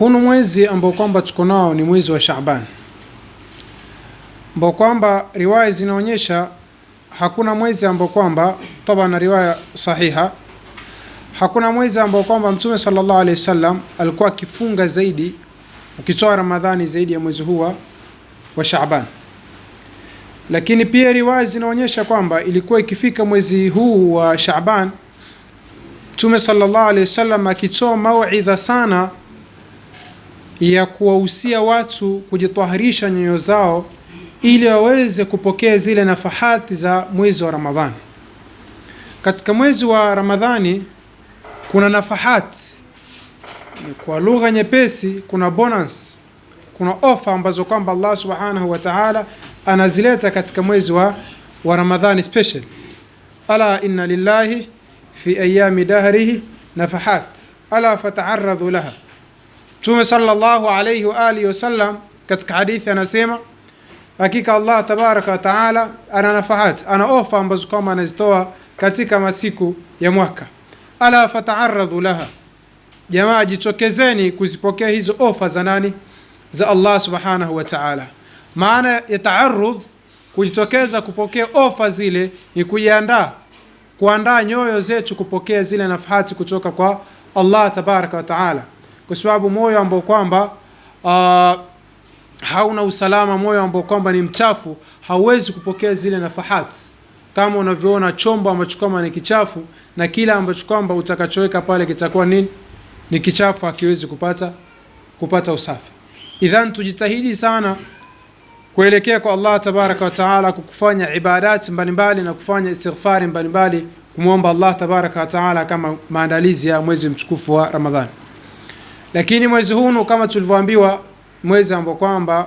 Huu ni mwezi ambao kwamba tuko nao ni mwezi wa Shaaban, ambao kwamba riwaya zinaonyesha hakuna mwezi ambao kwamba toba na riwaya sahiha, hakuna mwezi ambao kwamba Mtume sallallahu alaihi wasallam alikuwa akifunga zaidi, ukitoa Ramadhani, zaidi ya mwezi huu wa Shaaban. Lakini pia riwaya zinaonyesha kwamba ilikuwa ikifika mwezi huu wa Shaaban, Mtume sallallahu alaihi wasallam akitoa mauidha sana ya kuwahusia watu kujitwaharisha nyoyo zao ili waweze kupokea zile nafahati za mwezi wa Ramadhani. Katika mwezi wa Ramadhani kuna nafahati, kwa lugha nyepesi, kuna bonus, kuna ofa ambazo kwamba Allah subhanahu wa ta'ala anazileta katika mwezi wa, wa Ramadhani special. Ala inna lillahi fi ayami dahrihi nafahat ala fata'arradhu laha Mtume sallallahu alayhi wa alihi wasallam katika hadithi anasema hakika Allah tabaraka wa taala ana nafahat, ana ofa ambazo kwamba anazitoa katika masiku ya mwaka. Ala fataaradhu laha, jamaa jitokezeni kuzipokea hizo ofa za nani? Za Allah subhanahu wa taala. Maana ya taarudh, kujitokeza kupokea ofa zile, ni kujiandaa, kuandaa nyoyo zetu kupokea zile nafahati kutoka kwa Allah tabaraka wa taala kwa sababu moyo ambao kwamba uh, hauna usalama, moyo ambao kwamba ni mchafu, hauwezi kupokea zile nafahati, kama unavyoona chombo ambacho kwamba ni kichafu, na kila ambacho kwamba utakachoweka pale kitakuwa nini? Ni kichafu, hakiwezi kupata kupata usafi. Idhan, tujitahidi sana kuelekea kwa Allah tabaraka wa taala, kukufanya ibadati mbalimbali na kufanya istighfari mbalimbali, kumwomba Allah tabaraka wa taala kama maandalizi ya mwezi mtukufu wa Ramadhani. Lakini mwezi huu kama tulivyoambiwa, mwezi ambao kwamba na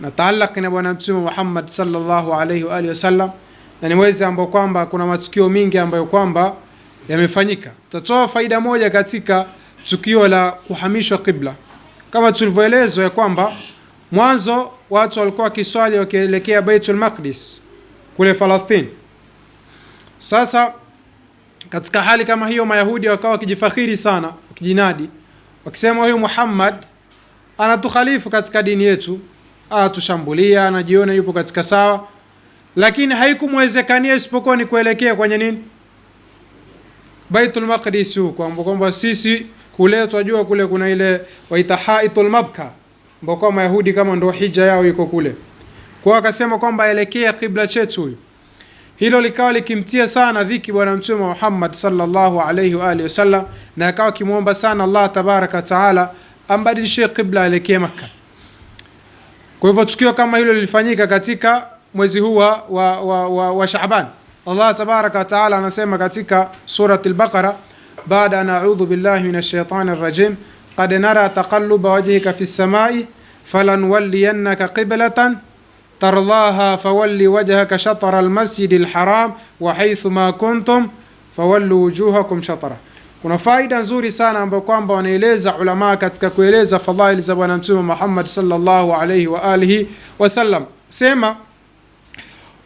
nataalaki na Bwana Mtume Muhammad sallallahu alayhi wa alihi wasallam, na ni mwezi ambao kwamba kuna matukio mingi ambayo kwamba yamefanyika. Tutatoa faida moja katika tukio la kuhamishwa kibla, kama tulivyoelezwa ya kwamba mwanzo watu walikuwa wakiswali wakielekea Baitul Maqdis kule Falastini. Sasa katika hali kama hiyo, Mayahudi wakawa wakijifakhiri sana, wakijinadi wakisema huyu Muhammad anatukhalifu katika dini yetu, anatushambulia, anajiona yupo katika sawa, lakini haikumwezekania isipokuwa ni kuelekea kwenye nini, Baitul Maqdis huko, ambapo kwamba sisi kule twajua kule kuna ile waita haitul mabka, ambapo kwa Mayahudi kama ndio hija yao iko kule kwao, akasema kwamba elekea kibla chetu huyu Hilo likawa likimtia sana dhiki bwana Mtume Muhammad sallallahu alayhi wa alihi wasallam, na akawa akimwomba sana Allah tabaraka wataala ambadilishie qibla aelekee Makka. Kwa hivyo tukio kama hilo lilifanyika katika mwezi huu wa, wa, wa, wa wa Shaaban. Allah tabaraka wataala anasema katika Surat al-Baqara, baada an audhu billahi minash shaitani rrajim qad nara taqalluba wajhika fis samai falanuwalliyannaka qiblatan tarlaha fawalli wajhaka shatara almasjidi alharam wa haithu ma kuntum fawallu wujuhakum shatara. Kuna faida nzuri sana ambayo kwamba wanaeleza ulamaa katika kueleza fadhaili za Bwana Mtume Muhammad sallallahu alayhi wa alihi wasallam. Sema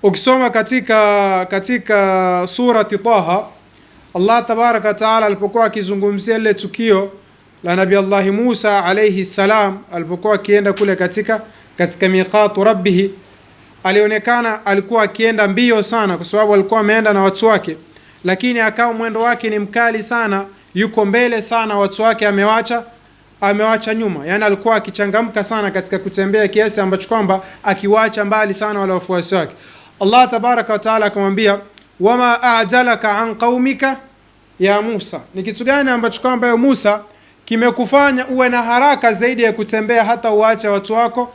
ukisoma katika katika surati Taha, Allah tabaraka wa alipokuwa akizungumzia lile tukio la Nabii Allahi Musa alayhi salam alipokuwa akienda kule katika katika miqatu rabbihi, alionekana alikuwa akienda mbio sana, kwa sababu alikuwa ameenda na watu wake, lakini akawa mwendo wake ni mkali sana, yuko mbele sana, watu wake amewacha amewacha nyuma. Yani alikuwa akichangamka sana katika kutembea kiasi ambacho kwamba akiwacha mbali sana wale wafuasi wake. Allah tabaraka wa taala akamwambia, wama ajalaka an qaumika ya Musa, ni kitu gani ambacho kwamba Musa kimekufanya uwe na haraka zaidi ya kutembea hata uwache watu wako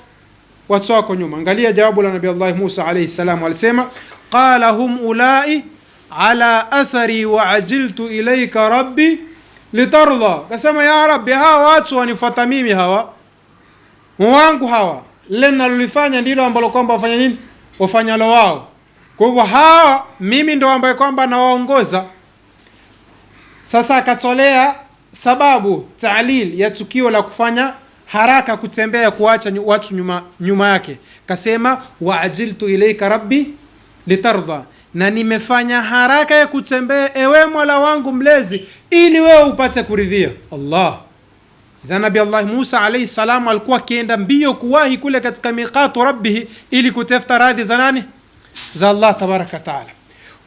watu wako nyuma. Angalia jawabu la Nabii Allah Musa alayhi salam, alisema qala hum ulai ala athari wa ajiltu ilayka rabbi litarda, kasema ya rabbi, hawa watu wanifuata mimi, hawa wangu hawa, lile nalolifanya ndilo ambalo kwamba wafanya nini, wafanyalo wao. Kwa hivyo hawa mimi ndo ambaye kwamba nawaongoza. Sasa akatolea sababu taalil ya tukio la kufanya haraka kutembea kuacha watu nyuma, nyuma yake. Kasema waajiltu ilaika rabbi litardha, na nimefanya haraka ya kutembea ewe Mola wangu mlezi ili wewe upate kuridhia. Allah idha Nabi Allah Musa alayhi salam alikuwa akienda mbio kuwahi kule katika miqatu rabbihi ili kutafuta radhi za nani? Za Allah tabaraka taala.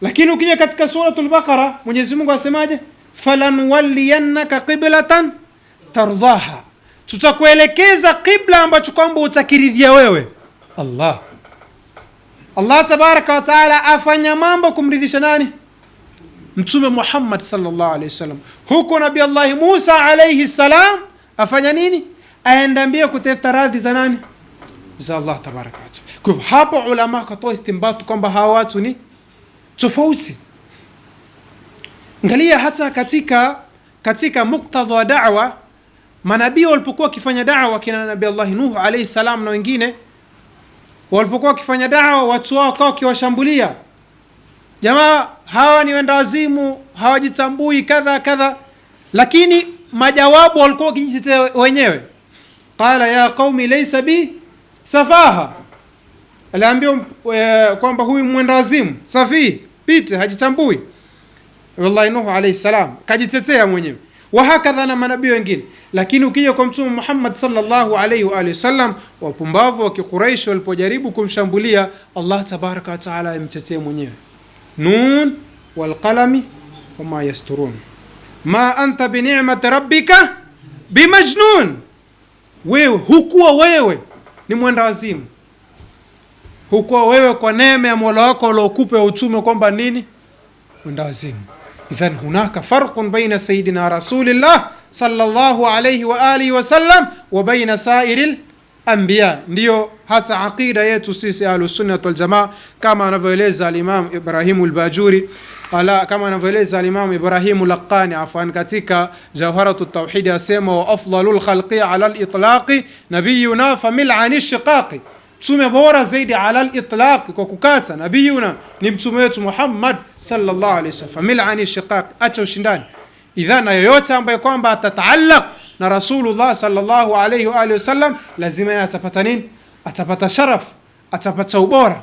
Lakini ukija katika suratul Baqara Mwenyezi asemaje? Falanuwalliyannaka qiblatan tardhaha tutakuelekeza kibla ambacho kwamba utakiridhia wewe allah allah tabaraka wataala afanya mambo kumridhisha nani mtume muhammad salllah alehi wasallam huku nabi llahi musa alaihi salam afanya nini aenda mbio kutafuta radhi za nani za allah tabaraka wataala kwa hapo ulama akatoa istimbatu kwamba hawa watu ni tofauti ngalia hata katika katika muktadha wa dawa manabii walipokuwa wakifanya dawa wakina nabii Allahi Nuhu alaihi salam na wengine walipokuwa wakifanya dawa watu wao wakawa wakiwashambulia, jamaa hawa ni wenda wazimu, hawajitambui kadha kadha, lakini majawabu walikuwa wakijitetea wenyewe. Qala ya qaumi laisa bi safaha, aliambia e, eh, kwamba huyu mwenda wazimu safii pite, hajitambui. Wallahi Nuhu alaihi salam kajitetea mwenyewe wa hakadha na manabii wengine. Lakini ukija kwa Mtume Muhammad sallallahu alaihi wa alihi wasallam, wapumbavu wa Kiquraish walipojaribu kumshambulia, Allah tabaraka wa taala amtetee mwenyewe, Nun wal qalami wama yasturun ma anta binimati rabbika bimajnun, wewe hukuwa wewe ni mwenda wazimu, hukuwa wewe kwa neema ya Mola wako aliokupa ya uchume kwamba nini mwenda wazimu. إذا هناك فرق بين سيدنا رسول الله صلى الله عليه وآله وسلم وبين سائر الأنبياء نيو حتى عقيدة يتسيس أهل السنة والجماعة كما نفليز الإمام إبراهيم الباجوري ألا كما نفليز الإمام إبراهيم اللقاني عفوا كتيكا جوهرة التوحيد أسيما وأفضل الخلق على الإطلاق نبينا فمل عن الشقاق mtume bora zaidi ala al-itlaq, kwa kukata nabiyuna ni mtume wetu Muhammad sallallahu alaihi wasallam. Milani shiqaq, acha ushindani. Idha na yoyote ambaye kwamba atataallaq na Rasulullah sallallahu alaihi wa alihi wasallam, lazima yeye atapata nini? Atapata sharaf, atapata ubora.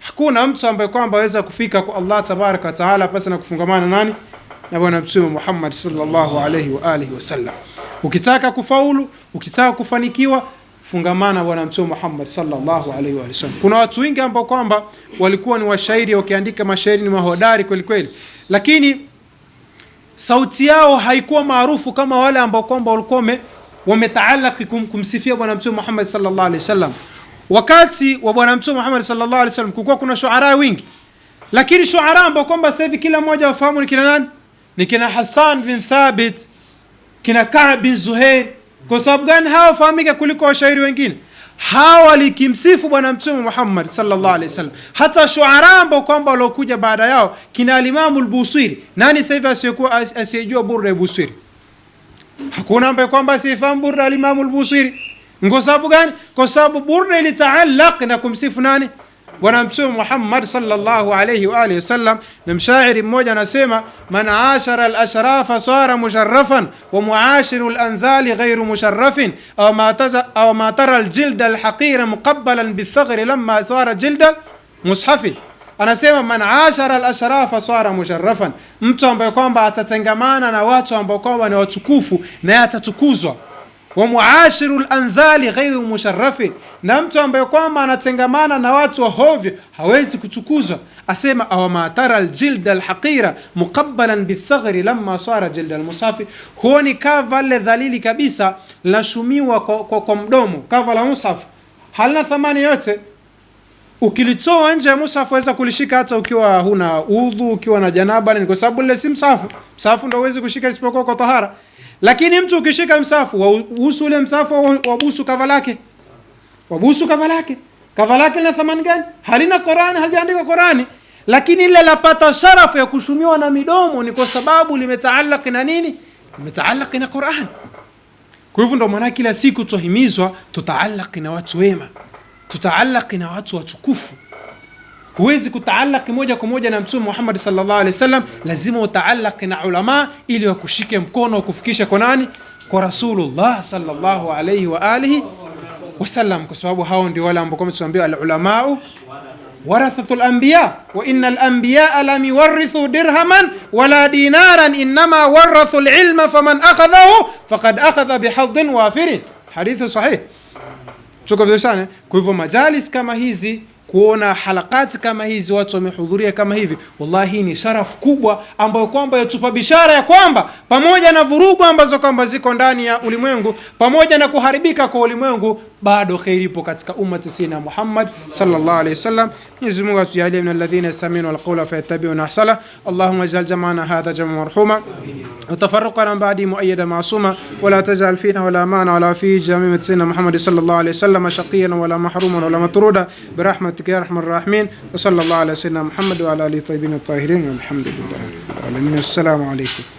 Hakuna mtu ambaye kwamba aweza kufika kwa Allah tabaraka wa taala pasi na kufungamana nani na bwana mtume Muhammad sallallahu alaihi wa alihi wasallam. Ukitaka kufaulu, ukitaka kufanikiwa fungamana bwana Mtume Muhammad sallallahu alaihi wa sallam. Kuna watu wengi ambao kwamba walikuwa ni washairi wakiandika mashairi ni mahodari kweli kweli, lakini sauti yao haikuwa maarufu kama wale ambao kwamba walikuwa wametaalaki kumsifia bwana Mtume Muhammad sallallahu alaihi wasallam. Wakati wa bwana Mtume Muhammad sallallahu alaihi wasallam kulikuwa kuna shuara wengi, lakini shuara ambao kwamba sasa hivi kila mmoja wafahamu ni kina nani? Ni kina Hassan bin Thabit, kina Ka'b bin Zuhair kwa sababu gani hawa wafahamika kuliko washairi wengine? Hawa walikimsifu Bwana Mtume Muhammad sallallahu alaihi wasallam. Hata shuara ambao kwamba waliokuja baada yao kina Alimamu Lbuswiri, nani sahivi hivi asiyejua burda Buswiri? Hakuna ambaye kwamba asiyefahamu burda Alimamu Lbuswiri. Kwa sababu gani? Kwa sababu burda ilitaalak na kumsifu nani? ونمسوم محمد صلى الله عليه وآله وسلم نمشاعر موجة نسيمة من عاشر الأشراف صار مشرفا ومعاشر الأنذال غير مشرف أو ما, أو ما ترى الجلد الحقير مقبلا بالثغر لما صار جلد مصحفي أنا سيما من عاشر الأشراف صار مشرفا متوم بيكون باتتنغمانا نواتوم بيكون باتتكوفو نياتتكوزو wa muashiru landhali ghairu musharafin, na mtu ambaye kwamba anatengamana na watu wa hovyo hawezi kuchukuzwa. Asema awamatara ljilda lhaqira muqabalan bithaghri lama sara jilda lmusafi, huoni kava lile dhalili kabisa linashumiwa kwa, kwa, kwa mdomo. Kava la musaf halina thamani yote, ukilitoa nje ya musafu waweza kulishika hata ukiwa huna udhu, ukiwa na janaba, ni kwa sababu lile si msafu. Msafu ndo huwezi kushika isipokuwa kwa tahara. Lakini mtu ukishika msafu, wabusu ule msafu, wabusu kava lake, wabusu kava lake. Kava lake lina thamani gani? Halina Qur'ani, halijaandikwa Qur'ani, lakini ile lapata sharafu ya kushumiwa na midomo ni kwa sababu limetaallaki na nini? Limetaallaki na Qur'ani. Kwa hivyo ndio maana kila siku tuhimizwa tutaallaki na watu wema, tutaallaki na watu watukufu Huwezi kutaalaki moja kwa moja na Mtume Muhammad sallallahu alaihi wasallam, lazima utaalaki na ulama ili wakushike mkono wakufikisha kwa nani? Kwa Rasulullah sallallahu alaihi wa alihi wasallam, kwa sababu hao ndio wale ambao tunaambiwa alulamau warathatul anbiya wa innal anbiya lam yuwarithu dirhaman wala dinaran innama warathu alilma faman akhadhahu faqad akhadha bihadhin wafirin, hadithi sahih. Tuko vizuri sana. Eh? Kwa hivyo majalis kama hizi kuona halakati kama hizi watu wamehudhuria kama hivi, wallahi hii ni sharafu kubwa ambayo kwamba yatupa bishara ya kwamba pamoja na vurugu ambazo kwamba ziko ndani ya ulimwengu, pamoja na kuharibika kwa ulimwengu bado خير ipo katika ummati sina Muhammad sallallahu alaihi wasallam. Mwenyezi Mungu atujalie min alladhina yastami'una alqawla fayattabi'una ahsana. Allahumma ij'al هذا hadha jam'an marhuma وتفرقنا عن بعده مؤيدا معصوما ولا تجعل فينا ولا معنا ولا في جميع سيدنا محمد صلى الله عليه وسلم شقيا ولا محروما ولا مطرودا برحمتك يا ارحم الراحمين وصلى الله على سيدنا محمد وعلى اله الطيبين الطاهرين والحمد لله رب السلام عليكم